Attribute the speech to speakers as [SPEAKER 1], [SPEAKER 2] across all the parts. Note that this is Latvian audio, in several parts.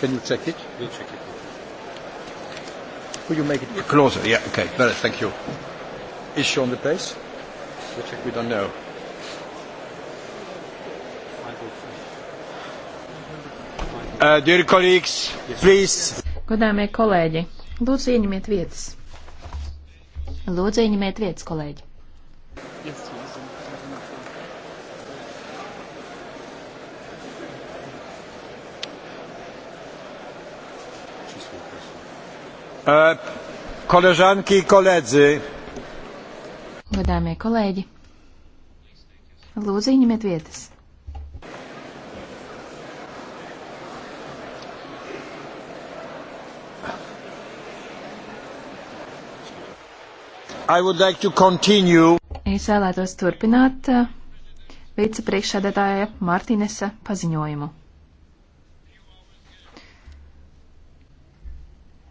[SPEAKER 1] Can you check it? We'll check it. Will you make it closer? Yeah, okay. Better, thank you. Is she on the place? We check, we don't know. Uh, dear colleagues, please. Godāmie kolēģi, lūdzu ieņemiet vietas. Lūdzu ieņemiet vietas, kolēģi. Yes, yes, yes. E, koleżanki i koledzy. Godāmie kolēģi, lūdzu, ņemiet vietas. Like es vēlētos turpināt e, vicepriekšsēdētāja Mārtīnesa paziņojumu.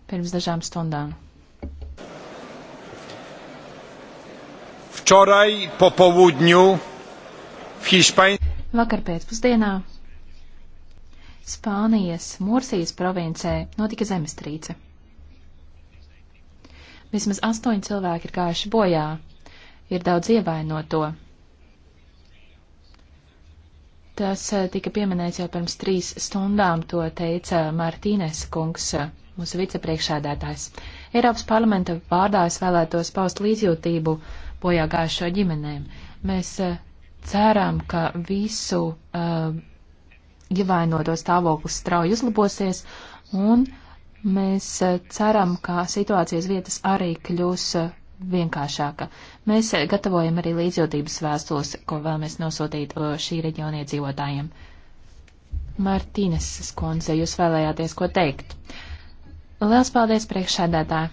[SPEAKER 1] pirms dažām stundām. Wczoraj po południu w Hiszpanii. Vakar pēcpusdienā Spānijas Mursijas provincē notika zemestrīce. Vismaz astoņi cilvēki ir gājuši bojā, ir daudz ievainoto. Tas eh, tika pieminēts jau pirms trīs stundām, to teica Martīnes kungs, eh, mūsu vicepriekšādātājs. Eiropas parlamenta vārdā es vēlētos paust līdzjūtību bojā gājušo ģimenēm. Mēs eh, ceram, ka visu uh, ievainoto stāvoklis strauji uzlabosies, un mēs ceram, ka situācijas vietas arī kļūs uh, vienkāršāka. Mēs eh, gatavojam arī līdzjūtības vēstules, ko vēlamies nosūtīt eh, šī reģiona iedzīvotājiem. Martīnes skundze, jūs vēlējāties ko teikt? Liels paldies priekšsēdētāji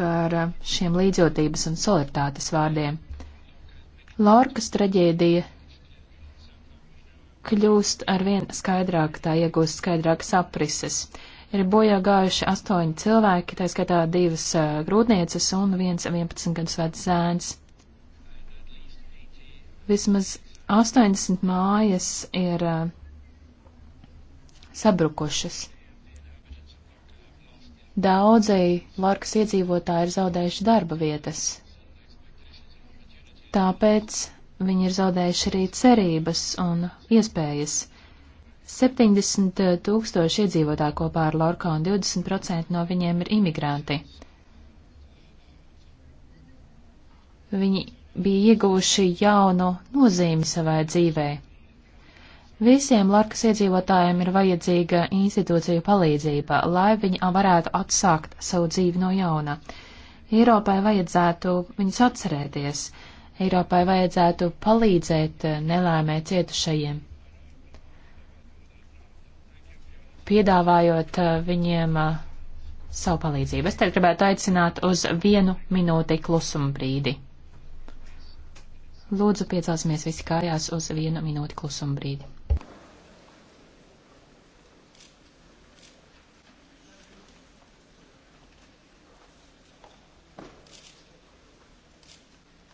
[SPEAKER 1] par eh, šiem līdzjūtības un solidaritātes vārdiem. Lorkas traģēdija kļūst arvien skaidrāk, tā iegūst skaidrākas aprises ir bojā gājuši astoņi cilvēki, tā skaitā divas uh, grūtnieces un viens 11 gadus vecs zēns. Vismaz 80 mājas ir uh, sabrukušas. Daudzēji Larkas iedzīvotāji ir zaudējuši darba vietas. Tāpēc viņi ir zaudējuši arī cerības un iespējas 70 tūkstoši iedzīvotāji kopā ar Lorko un 20% no viņiem ir imigranti. Viņi bija ieguvuši jaunu nozīmi savai dzīvē. Visiem Larkas iedzīvotājiem ir vajadzīga institūciju palīdzība, lai viņi varētu atsākt savu dzīvi no jauna. Eiropai vajadzētu viņus atcerēties, Eiropai vajadzētu palīdzēt nelēmē cietušajiem. piedāvājot eh, viņiem eh, savu palīdzību. Es te gribētu aicināt uz vienu minūti klusuma brīdi. Lūdzu, piecelsimies visi kājās uz vienu minūti klusuma brīdi.